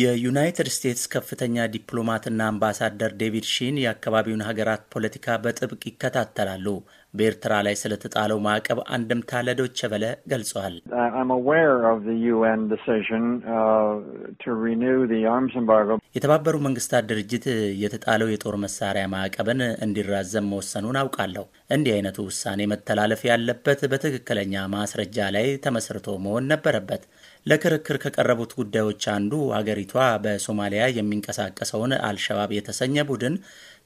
የዩናይትድ ስቴትስ ከፍተኛ ዲፕሎማትና አምባሳደር ዴቪድ ሺን የአካባቢውን ሀገራት ፖለቲካ በጥብቅ ይከታተላሉ። በኤርትራ ላይ ስለተጣለው ማዕቀብ አንድምታ ለዶይቼ ቬለ ገልጸዋል። uh, የተባበሩ መንግስታት ድርጅት የተጣለው የጦር መሳሪያ ማዕቀብን እንዲራዘም መወሰኑን አውቃለሁ። እንዲህ አይነቱ ውሳኔ መተላለፍ ያለበት በትክክለኛ ማስረጃ ላይ ተመስርቶ መሆን ነበረበት። ለክርክር ከቀረቡት ጉዳዮች አንዱ ሀገሪቷ በሶማሊያ የሚንቀሳቀሰውን አልሸባብ የተሰኘ ቡድን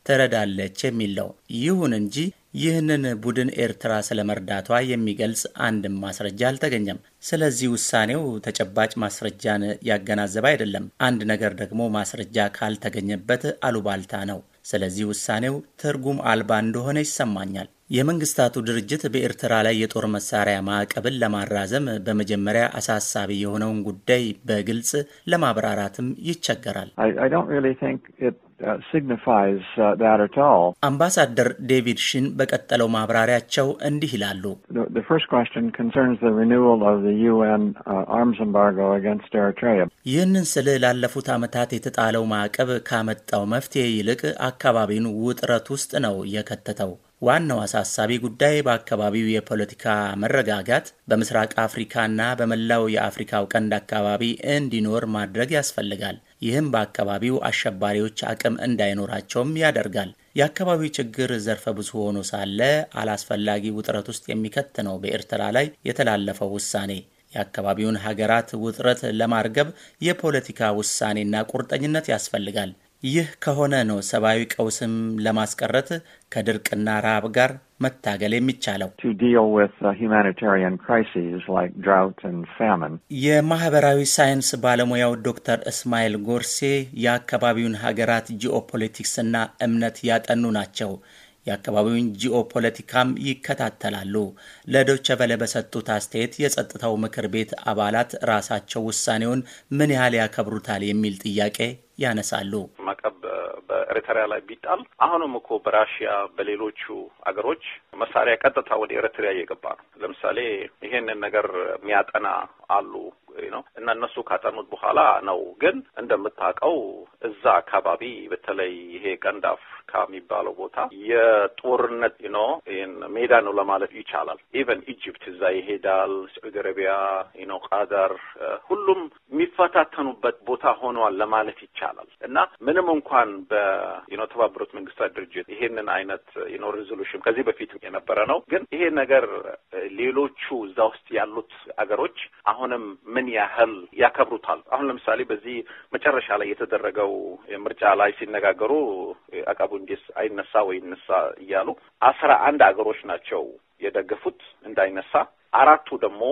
ትረዳለች የሚል ነው። ይሁን እንጂ ይህንን ቡድን ኤርትራ ስለመርዳቷ የሚገልጽ አንድም ማስረጃ አልተገኘም። ስለዚህ ውሳኔው ተጨባጭ ማስረጃን ያገናዘበ አይደለም። አንድ ነገር ደግሞ ማስረጃ ካልተገኘበት አሉባልታ ነው። ስለዚህ ውሳኔው ትርጉም አልባ እንደሆነ ይሰማኛል። የመንግስታቱ ድርጅት በኤርትራ ላይ የጦር መሳሪያ ማዕቀብን ለማራዘም በመጀመሪያ አሳሳቢ የሆነውን ጉዳይ በግልጽ ለማብራራትም ይቸገራል። uh, uh, አምባሳደር ዴቪድ ሽን በቀጠለው ማብራሪያቸው እንዲህ ይላሉ። uh, ይህንን ስል ላለፉት ዓመታት የተጣለው ማዕቀብ ካመጣው መፍትሄ ይልቅ አካባቢውን ውጥረት ውስጥ ነው የከተተው። ዋናው አሳሳቢ ጉዳይ በአካባቢው የፖለቲካ መረጋጋት በምስራቅ አፍሪካና በመላው የአፍሪካው ቀንድ አካባቢ እንዲኖር ማድረግ ያስፈልጋል። ይህም በአካባቢው አሸባሪዎች አቅም እንዳይኖራቸውም ያደርጋል። የአካባቢው ችግር ዘርፈ ብዙ ሆኖ ሳለ አላስፈላጊ ውጥረት ውስጥ የሚከት ነው በኤርትራ ላይ የተላለፈው ውሳኔ። የአካባቢውን ሀገራት ውጥረት ለማርገብ የፖለቲካ ውሳኔና ቁርጠኝነት ያስፈልጋል። ይህ ከሆነ ነው ሰብአዊ ቀውስም ለማስቀረት ከድርቅና ረሃብ ጋር መታገል የሚቻለው። የማህበራዊ ሳይንስ ባለሙያው ዶክተር እስማኤል ጎርሴ የአካባቢውን ሀገራት ጂኦፖለቲክስና እምነት ያጠኑ ናቸው። የአካባቢውን ጂኦ ፖለቲካም ይከታተላሉ። ለዶቸ ቨለ በሰጡት አስተያየት የጸጥታው ምክር ቤት አባላት ራሳቸው ውሳኔውን ምን ያህል ያከብሩታል የሚል ጥያቄ ያነሳሉ። መቀብ በኤርትራ ላይ ቢጣል አሁንም እኮ በራሽያ በሌሎቹ አገሮች መሳሪያ ቀጥታ ወደ ኤርትራ እየገባ ነው። ለምሳሌ ይሄንን ነገር የሚያጠና አሉ ኢንዱስትሪ ነው እና እነሱ ካጠኑት በኋላ ነው። ግን እንደምታውቀው እዛ አካባቢ በተለይ ይሄ ቀንድ አፍሪካ ቦታ የጦርነት ኖ ሜዳ ነው ለማለት ይቻላል። ኢቨን ኢጅፕት እዛ ይሄዳል፣ ሳዑዲ አረቢያ ኖ ቃጠር ሁሉም የሚፈታተኑበት ቦታ ሆኗል ለማለት ይቻላል እና ምንም እንኳን በኖ ተባበሩት መንግስታት ድርጅት ይሄንን አይነት ኖ ሬዞሉሽን ከዚህ በፊት የነበረ ነው። ግን ይሄ ነገር ሌሎቹ እዛ ውስጥ ያሉት አገሮች አሁንም ምን ያህል ያከብሩታል። አሁን ለምሳሌ በዚህ መጨረሻ ላይ የተደረገው ምርጫ ላይ ሲነጋገሩ አቃቡ አይነሳ ወይ ይነሳ እያሉ አስራ አንድ አገሮች ናቸው የደገፉት እንዳይነሳ አራቱ ደግሞ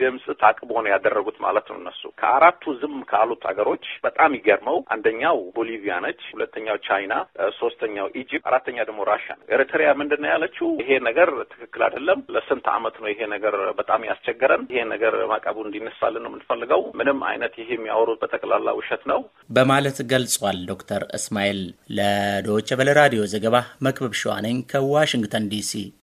ድምፅ ታቅቦ ነው ያደረጉት ማለት ነው። እነሱ ከአራቱ ዝም ካሉት ሀገሮች በጣም ይገርመው አንደኛው ቦሊቪያ ነች፣ ሁለተኛው ቻይና፣ ሶስተኛው ኢጂፕት፣ አራተኛ ደግሞ ራሻ ነው። ኤርትሪያ ምንድን ነው ያለችው? ይሄ ነገር ትክክል አይደለም። ለስንት ዓመት ነው ይሄ ነገር በጣም ያስቸገረን። ይሄ ነገር ማዕቀቡ እንዲነሳልን ነው የምንፈልገው። ምንም አይነት ይሄ የሚያወሩት በጠቅላላ ውሸት ነው በማለት ገልጿል። ዶክተር እስማኤል ለዶይቼ ራዲዮ ዘገባ መክበብ ሸዋነኝ ከዋሽንግተን ዲሲ